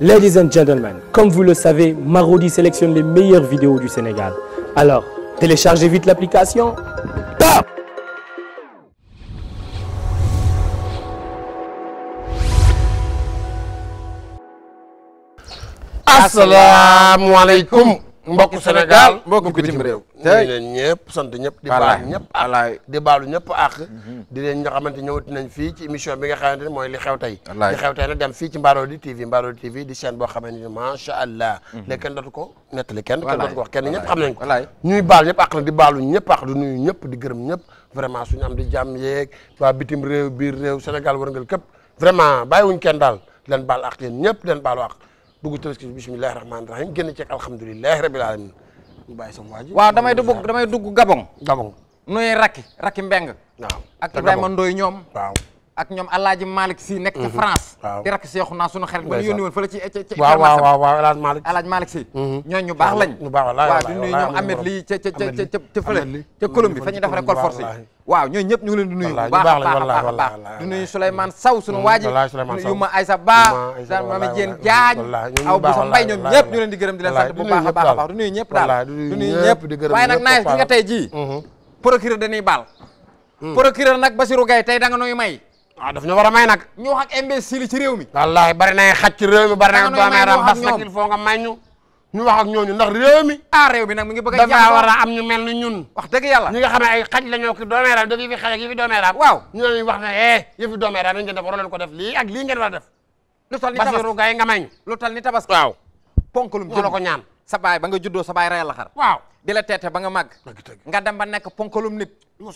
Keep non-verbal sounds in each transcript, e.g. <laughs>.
Ladies and gentlemen, comme vous le savez, Marodi sélectionne les meilleures vidéos du Sénégal. Alors, téléchargez vite l'application. Assalamu alaikum. mbokk Sénégal mbokk bitim réew tey leen ñëpp sant ñëpp di baalu ñëpp ak di baalu ñëpp ak mhm. di leen nga xamante ñëwati nañ fii ci émission bi nga xamante ne mooy li xew tey li xew tey nag dem fii ci Mbarodi TV Mbarodi TV di chaîne boo xamante ne macha allah léegi mhm. kenn dootu ko nettali kenn kenn dootu ko wax kenn ñëpp xam nañ ko ñuy baal ñëpp ak di baalu ñëpp ak di nuyu ñëpp di gërëm ñëpp vraiment suñu am di jàmm yeeg waa bitim réew biir réew Sénégal wërngal képp vraiment bàyyiwuñ kenn daal leen baal ak yéen ñëpp leen baalu ak dugg tabaski bismillahi rahmaani rahim génn ceeg alhamdulilahi rabil alamin waa damay dugg damay dugg gabon rakki rakki mbeng waaw ak Ibrahima Ndoy ñoom ak ñoom Alaaji Malick Si nekk ci mhm. France di rakk seexu naa sunu xarit ba ñu yónni woon fële ci Si mhm. ñooñu ñu baax lañ waaw du nuyu ñoom Ahmed lii ca ca ca ca fële ca Colombie fa ñuy defaree col force yi waaw ñëpp ñu ngi leen di nuyu bu baax a baax a baax du ma Aïssa Ba daan aw bu sa mbay ñoom ñëpp ñu leen di gërëm di leen sant bu a a baax du nuyu ñëpp daal du nag naaj gi nga tey ji mhm. procureur dañuy baal procureur nag Bassirou Gueye tey da nga nuyu may waaw ah, daf ñu war a may nag ñu wax ak imbécile ci réew mi wallaahi bari nay xaj ci mi bari nay doomeeram bas nag il faut may ñu ñu wax ak ñooñu ndax réew mi ah réew mi mu bëgg a dafa war a am ñu mel ni ñun wax dëgg yàlla ñi nga xam ne ay xaj la ñoo ki doomeeram daf yi fi xaj ak yi fi doomeeram waaw ñu ne ñu wax ne eh yi fi doomeeram ngeen def war leen ko def lii ak lii ngeen war a def lu tal ni tabaski Basiru Gaye nga may ñu lu tal ni tabaski waaw ponkalum jëla ko ñaan sa baay ba nga juddoo sa baay rey la xar waaw di la teete ba nga mag nga dem ba nekk ponkolum nit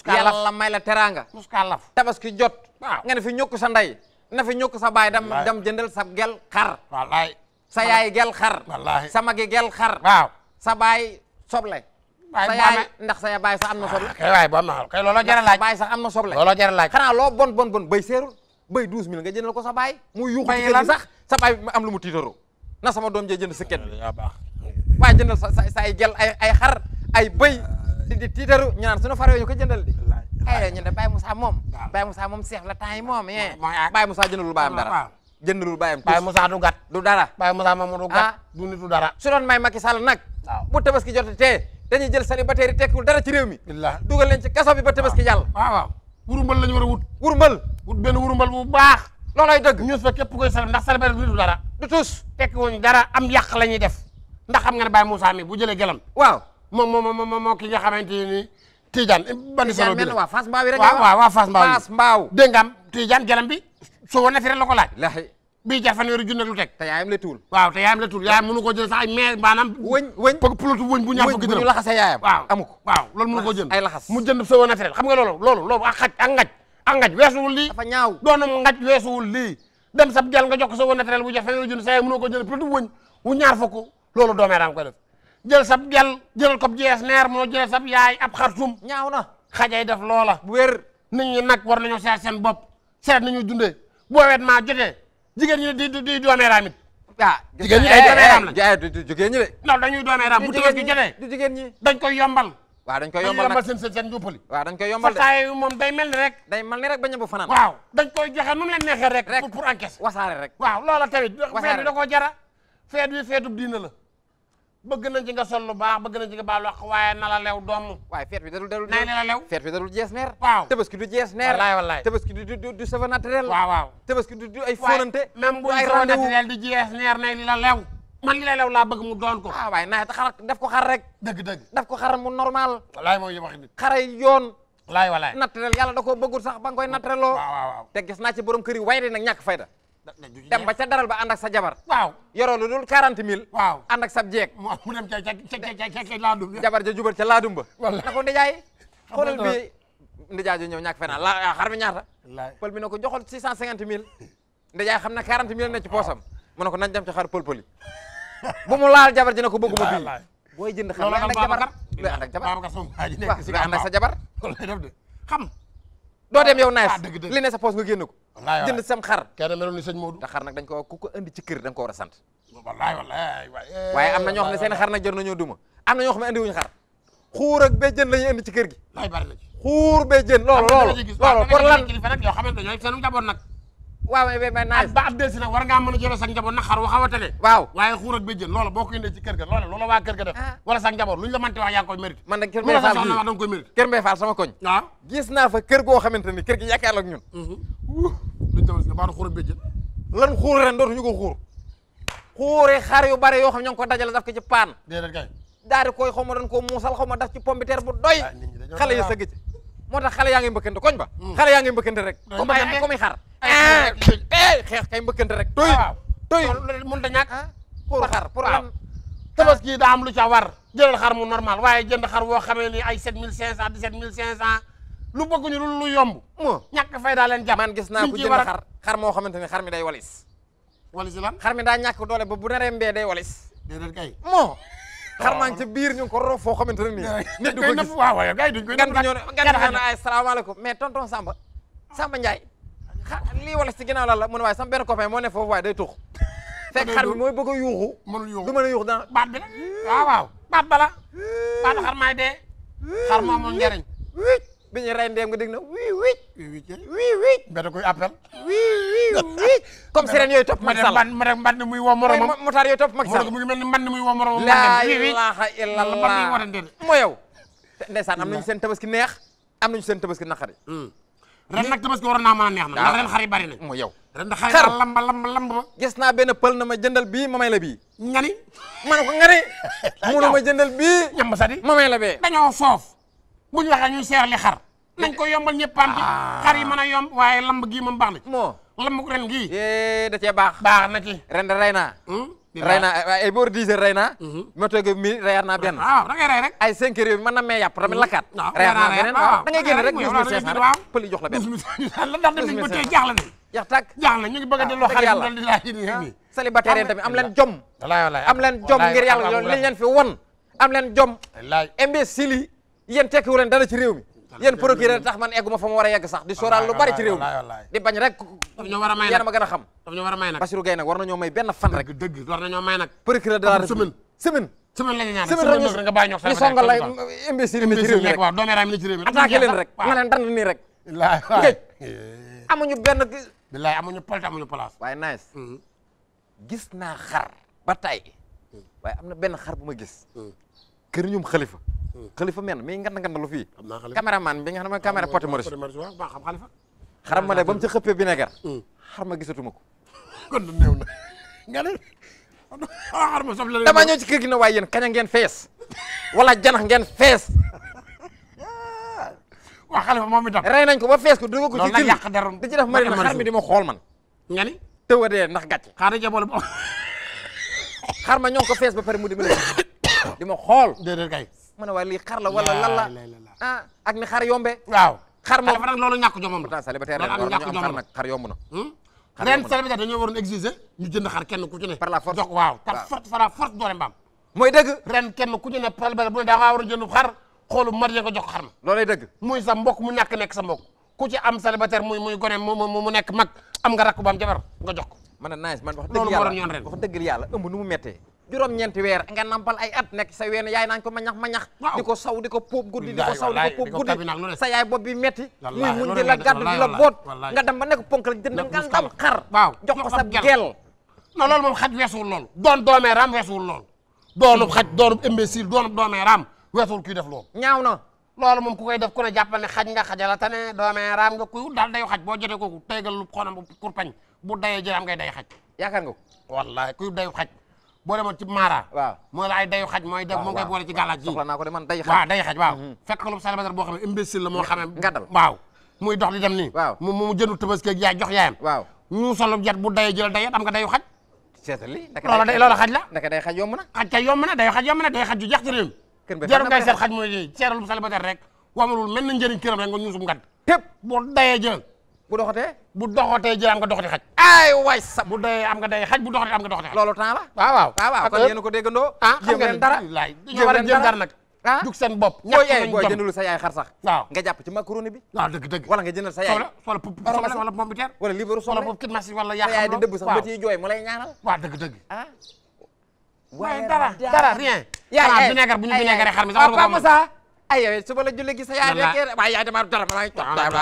yàlla la may la teraanga muskalaf tabaski jot nga ne fi ñokk sa nday na fi ñokk sa baay dem dem jëndal sa gel xar wallahi sa yaay gel xar wallahi sa magi gel xar waaw sa baay soble sa yaay ndax sa baay sax am ah, na soble kay waay ba ma kay looloo jar laaj baay sax am soble looloo jar laaj xanaa loo bon bon bon bay seerul bay 12000 nga jëndal ko sa baay mu yuuxu ci sax sa baay am lu mu na sama doom jee jënd waa jëndal sa say gel ay ay xar ay bëy di di tiitaru ñu eh, naan suñu faro ñu ko jëndal di ay ñu ne Baye Moussa moom ya. Baye Moussa moom seex la temps yi moom yee Baye Moussa jëndalul baayam dara jëndalul baayam Baye Moussa du gat du dara Baye Moussa moom du gat du ah. nit du dara su doon may Macky Sall nag bu tabaski jotatee dañuy jël célibataire yi tekkul dara ci réew mi dugal leen ci kaso bi ba tabaski ah. jàll waaw ah, wurumbal lañu war wut wurumbal wut benn wurumbal bu baax loolay dëgg ñun fa képp koy sal ndax célibataire du dara du tus tekki wuñu dara am yàq la def ndax xam nga ne Baye Moussa mi bu jëlee gelam. waaw moom moom moo ki nga xamante ni Tidiane. Eh, ban solo bi la waaw Fass Mbaaw rek. waaw waaw Fass Mbaaw bi Fass Mbaaw. dégg bi soo wane fi rek la ko laaj. laaj bii jar fanweeri junne lu teg. te yaayam la tuul. waaw te yaayam jël sax ay mais maanaam. wëñ wëñ pulatu wëñ bu ko waaw loolu mënu ko jënd ay laxas mu jënd soo wane fi xam nga loolu loolu loolu ak xaj ak ngaj ak ngaj weesuwul lii. dafa ñaaw doonam ngaj weesuwul lii dem sab gel nga jox ko soo wane fi rek bu jar fanweeri junne sa yaay mënoo ko jënd pulatu wëñ wu ñaar fukk lolu do meram ko def jël sab gel jël ko jess ner mo jël sab yaay ab xarsum ñaaw xajay def lola bu nit ñi nak war nañu seet sen bop seet nañu dundé bo weet ma jotté jigéen ñi di di do meram nit ah jigéen ñi eh, ay do meram la jaay du jigéen ñi de dañuy do meram bu tëgg gi jotee du jigéen ñi dañ koy yombal wa dañ koy yombal nag seen sen seen njuppali waaw dañ koy yombal de saa yu day melni rek day melni rek bañu bu fanan waaw dañ koy joxe nu leen nexe rek pour encaisse wasare rek waaw lola tawit fee da ko jara feet wi feetub diina la bëgg nañ ci nga sol lu baax bëgg na ci nga baal wax waaye na la lew doomu waaye feet bi dadul dadul nay na la lew feet bi dadul jees neer waaw tabaski du jees neer wallaay wallaay tabaski du du du sava naturel waaw waaw tabaski du ay fóonante même bu sava naturel du jees neer nay li la lew man li la lew laa bëgg mu doon ko waaw ah, waaye na xar daf ko xar rek dëgg dëgg daf ko xar mu normal wallaay mooy wax nit xaray yoon na wallaay naturel yàlla da koo bëggul sax ba nga koy natureloo waaw gis naa ci borom kër yi way di nag ñàkk fayda dem ba ca daral ba ànd ak sa jabar waaw yoro lu dul 40000 mille waaw ànd ak sab jeeg mu dem ca ca ca laadum jabar ja jubal ca laadum ba na ko ndijaay xoolal bi ndijaay ju ñew ñak fena la xarmi ya, mi ñaata pol bi na ko joxol 650000 cent xamna 40000 na ci posam mu ne ko nañ dem ci xar pol pël bu mu laal jabar ji na ko bëgguma bi boy jënd xam nga lu ak jabar looy ànd ak jabar waaw nga ànd ak sa jabar xam do dem yow nice ah, li ne sa pos nga gennako wallaay jënd sam xar kenn meloon ni sëñ Modou te xar nag dañ ko ku ko indi ci kër da ko war a sant wallaay wallaay eh, waaye am na ñoo xam ne seen xar nag jot ñoo duma am na ñoo xam ne indi wuñu xar xuur ak bee jën la ñuy kër gi lay bari la ci xuur bee jën loolu loolu loolu pour lan kilifa nag yoo a jël a tele waaye xuur ak béjjën loola boo ko indee ci kër ga loola loola waa kër ga def ah. wala sax njaboot lu ñu la mënti wax yaa ngi koy mérite man nag kër Mbaye Fall danga koy mérite kër Mbaye Fall sama koñ waaw ah. gis naa fa kër goo xamante ni kër gi yaakaar la ak ñun mhm. duñ tabaski baanu xurum béjjën lan xuur ren dootuñu ko xuur xuure xar yu bare yoo xam ña ngi ko dajale daf ko di koy xaw ma doon ko muusal xaw ma daf ci pombiteer bu doy ah, xale yi sëgg ci moo tax xale yaa ngi mbëkkante koñ ba hmm. xale yaa ngi mbëkkante rek comme ay comme xar ah, ah, eh, xeex kay mbëkkante normal waaye jënd xar woo xamee ni ay sept mille cinq cent dix lu bëgguñu lu lu yomb. mo ñak fay da leen jàpp. man gis na ku jëm xar xar mo xamanteni xar mi day walis. walis lan xar mi da ñak doole ba bu naree mbee day walis. déedéet kay mo oh. xar ma ci biir ñu ngi ko roof xamanteni ni ne du ko gis wa wa gay yi duñ koy gan ñëw na gan na ay alaykum mais tonton Samba Samba Ndiaye li walis ci ginaaw la la mu ne waaye sama benn copain mo ne foofu way day tuux <laughs> fek xar bi moy bëgg a yuuxu du mëna a yuuxu dana baat bi la waaw waaw baat bala baat xar maay dé xar moo mo ñariñ biñu ñu reyndee nga deg na wi wi wi wi wi wii da koy appel. wi wi wi comme sirène yoy top Macky man man man muy wo morom motaar yooyu topp Macky Sall mu ngi melni man muy wo morom la ilaha illallah mo yow. ndessane am nañu sen tabaski neex am nañu sen tabaski naqari. ren nak tabaski waroon na mën neex na la ren xari bari na. mo yow ya? ren xar yi lamb lamb lamb gis na ben peul na ma jëndal bi ma may la bi ngani man ko ngani mo <laughs> munu iya. ma jëndal bi ñam sa di ma may la be dañoo foofu buñ waxa ñu li xar. nañ ko yombal ñëpp am ci ah. xar yi mëna yomb waye lamb gi moom baax na mo lamb ren gii. Eh, da ci baax. baax na ci ren de rey naa. ay hmm? bor di eh, eh, heures rey naa. Hmm. ma toog mi reyaat ben benn. Ah, da ngay rey rek. ay 5 heures yooyu mën na mee yàpp tamit lakat waaw benen da ngay génn rek 12500 ah, rek pël yi jox la ben 12500 la ndax dañu ko tey jaaxle nañ. jax tak la ñu ngi bëgg a delloo xar yi di laaj nii. célibataire tamit am len jom. am len jom ngir yalla liñ len fi won am len jom. imbécile yen tekkiwu leen dara ci réew mi yéen procureur tax man egguma fa ma war a yegg sax di sóoraal lu bari ci réew mi di bañ rek yéen a a xam daf ñoo war a may nag Bassirou Gueye nag war na ñoo may benn fan rek dëgg war na ñoo may nag procureur de la semaine semaine semaine rek nga bàyyi la imbécile mi rek waaw doomeeraay mi rek nga amuñu benn billaay amuñu palte amuñu place waaye nice mm-hmm. gis naa xar ba tay mm. waaye am na benn xar bu ma gis mm. kër ñum xalifa khalifa men mi ngan ngan lu fi cameraman bi nga xam camera porte Maurice waaw xam xalifa xaram ma ne bam mu ci xëppee vinaigre hmm. xar ma gisatuma ko kon du newna nga ne ah, xar ma la dama ñu ci kër gi ne waaye yéen kaña ngeen fess wala janax ngeen fess <laughs> wa khalifa momi itam ray nañ ko ba fess ko do ko ci kër yàq deroon di ci def mari xar mi di ma xool man nga ni te dee ndax gatch xaar ja boole xar ma ñoo ko fess ba pare mu di ma <coughs> xool déedéet kay ma ne waaye lii xar la wala lan la ah ak ni xar yombe waaw xar moom loolu ñàkk jomam hmm? ren célibataire dañoo waroon exiger ñu jënd xar kenn ku ci ne par la force jox waaw par mooy dëgg ren kenn ku ci ne célibataire bu ne da ngaa war a jënd xar xoolu marié ko jox xar ma loolay dëgg muy sa mbokk mu nekk nekk sa mbokk ku ci am célibataire muy gone mu nekk mag am nga rakk bu am jabar nga jox ko a nice man wax dëgg yàlla dëgg yàlla ëmb nu mu mettee jurom ñent wër nga nampal ay at nek sa wéne yaay nañ ko mañax mañax diko saw diko ko guddi di ko saw diko ko guddi sa yaay bopp bi metti muy muñ di la gàddu di la bot nga dem ba ponk ponkal jënd nga ngam xar jox ko sa gel na loolu mom xat wessul loolu doon doomee ram wessul loolu doonu xat doonu imbécile doonub doomee ram wessul kuy def loolu ñaawna na mom ku koy def ku ne jappal ne xaj nga xajala tane doomee ram nga kuy daal dayu xaj boo ko kooku teygal lu xonam kurpañ bu dayee jëram ngay day xaj yaakaar nga wallahi kuy day xaj boo demoon ci maara waaw mooy la ay dayu xaj mooy def moo ngay boole ci gàllaaj soxla naa man day xaj waaw day xaj mhm. boo xam ne imbécile la moo xam ne nga dal waaw di dem nii mu mu jëndu tabaski ak yaay jox yaayam waaw ñu solo jat bu daye jël daye am nga dayu xaj seetali loola xaj la ndaka day xaj yomb na xaj kay yomb na dayu xaj yomb na day xaj ju jeex ci réew mi jarul ngay seet xaj mooy seetal lu célibataire rek wamalul mel na njëriñ këram rek nga ñuusum ngad tépp boo dayee jël bu doxote bu doxote jël am nga doxati xaj ay way sa bu dee am nga day xaj bu doxatee am nga doxati lolu tan la waaw waaw waaw kon yéen ko déggandoo ah xam nga dara laay jéem dara nag ah jug seen bopp ñàkk nañ booy jëndul sa yaay xar sax nga japp ci macaroni bi waaw ah, deug deug wala nga jëndal sa yaay wala pop wala pomme de terre wala liibaru soble pop kit machine wala yaay di debbu sax ba ci joy mu lay ñaanal waaw deug deug ah waaye dara dara rien yaay yaa eh. vinaigre bu ñu vinaigre xar mi sax ah, Ayo ay yow lagi ma iya, ada ada gi ada ada marut. waaye ada dama dara ada ngi toog ada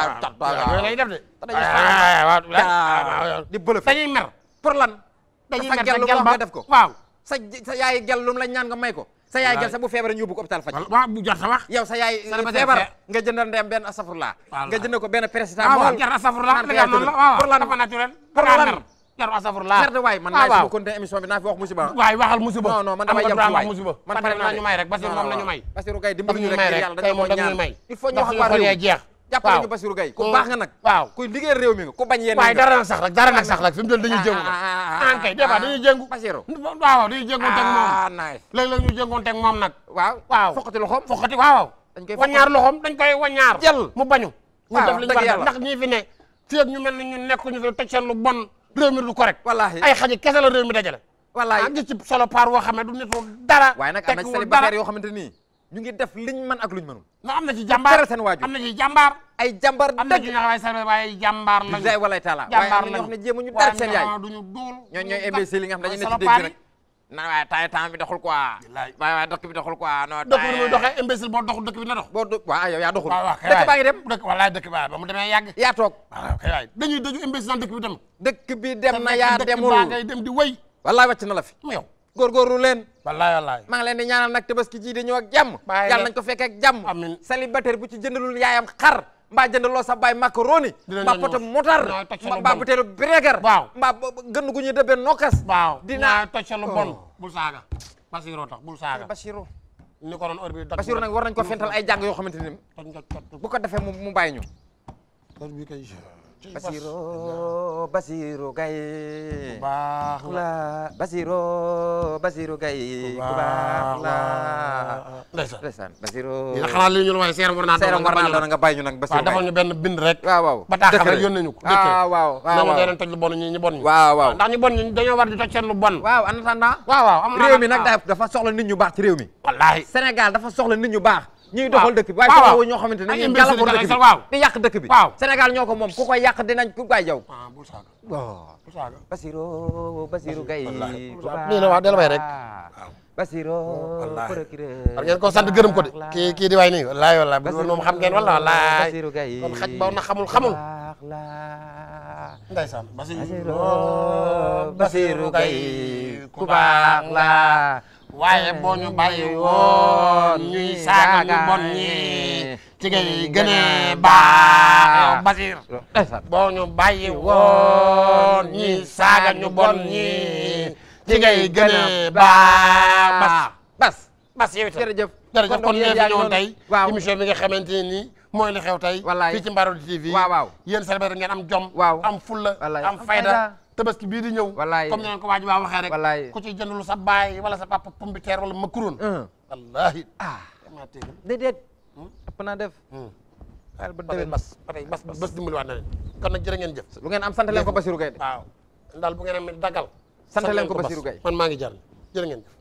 lay def ada di bëlëf ada mer pour ada dañuy mer ada gel ba ada ko waaw. saya sa yaay ada lum la ada nga may ko. sa yaay ada sa bu ada ñu yóbbu ada hôpital faj. ada bu jar ada wax. yow ada yaay feebar Perlan. jëndal ndem Perlan. asafurlaa. nga ada ko benn ada waaw waaw ada asafurlaa li ada noonu la ada dafa naturel. ada lan pour ada jar astafurlaa merde waay man naa su continuer émission bi naa fi wax musiba waay waxal musiba non non man damay yem wax musiba man pare naa ñu may rek Bassirou moom nañu may Bassirou Gaye dimbali ñu rek yàlla dañu moo ñaan may il faut ñu wax par réew jeex jàppale ñu Bassirou Gaye ku baax nga nag waaw kuy liggéeyal réew mi nga ku bañ yéen waay dara nag sax rek dara nag sax rek fi mu jël dañuy ah, jéngu nag ah, ankay ah, débat dañuy jéngu Bassirou waaw waaw dañuy jéngoon teg moom léeg-léeg ñu jéngoon teg moom nag waaw waaw foqati loxoom foqati waaw dañ koy waññaar loxoom dañ koy waññaar jël mu bañu ñu def li ñu war ndax ñii fi ne fii ak ñu mel ni ñu nekk ñu fi teg seen lu bon réew mi du correct. wallaahi ay xaji kese la réew mi dajale. wallaahi am ci solo paar woo xam ne du nit dara. waaye nag am na ci célibataire yoo xamante ni ñu ngi def liñ mën ak luñ mënul. non am na ci jàmbaar seen waajur am na ci jàmbaar. ay jàmbaar dëgg am na ci ñoo xam ne waaye jàmbaar lañu. bilaay walaay ñoo xam ne jéemuñu dara seen ne dañu na waaye taay temps bi doxul quoi waaye waaye dëkk bi doxul quoi non doxul muy doxee imbécile boo na dox boo waaw yow yaa doxul dëkk baa ngi dem dëkk wallaay dëkk baa ba mu demee yàgg yaa na yaa demul dem di wéy wallaay wàcc na la fi yow góorgóorlu leen wallaay wallaay maa ngi leen di ñaanal nag tabaski ji di ñëw ak jàmm yàlla nañ ko fekk ak jàmm amiin célibataire bu ci jëndalul yaayam xar mbaa jëndaloo sa baay macaroni mbaa poto motar mbaa buteelu breger waaw mbaa gën gu ñuy dëbbee nokkas waaw dinaa toj sa lu bon oh. bul saaga Basiroo tax bul saaga Basiroo ni ko war nañ ko ay jàng yoo xamante ni bu ko defee mu bàyyi ñu Basiro Basiro Gaye. bu baax la Basiro Basiro Gaye. bu baax la ndeysaan Basiro. yéen xalaat li ñu ne waaye seeram war naa doon nga bàyyi ñu nag Basiro Gaye waaw defal ñu benn bind rek. waaw waaw ba taa xam rek yónnee ñu ko. ah waaw waaw waaw leen toj lu bon ñi ñu bon ñu. waaw waaw ndax ñu bon ñu dañoo war di toj seen lu bon. waaw en attendant. waaw waaw am réew mi nag dafa soxla nit ñu baax ci réew mi. wallaahi Sénégal dafa soxla nit ñu baax ñuy doxal dëkk waaye soxla wu ñoo xamante ne ñoom yàlla for dëkk bi waaw di yàq dëkk bi ñoo ko moom ku koy yàq dinañ ku koy jaw ah, bul saaga bul saaga Basiro Basiro gay nii la waaw del way rek Basiro ko sant gërëm ko de kii kii di waay nii wallaay wallaay bu moom xam ngeen wala wallaay kon ba na xamul xamul ndeysaan Basiro Basiro ku baax la waaye boo ñu bàyyi woon ñuy saaga ñu bon ñi ci ngay gën a baax Basir boo ñu bàyyi woon ñuy saaga ñu bon ñi ci ngay gën Bas Bas Bas yow itam jërëjëf jërëjëf kon nee tey émission bi nga xamante ne nii mooy li xew tey fii ci Marodi TV waaw waaw yéen am jom am fulla am fayda tabaski bii di ñëw wallaay comme ñoo ko waaj waa waxee rek wallaay ku ci jëndul sa baay wala sa papa pombiteer wala makuroon uh-huh. wallaahi ah maa téegal déedéet hmm? naa def waaye hmm. ba déwén bas ba tey bas bas dimbali waat na leen kon nag jërë ngeen jëf lu ngeen am sant leen ko Basirou Gueye waaw daal bu ngeen dagal sant leen ko Basirou man maa ngi jar jërë ngeen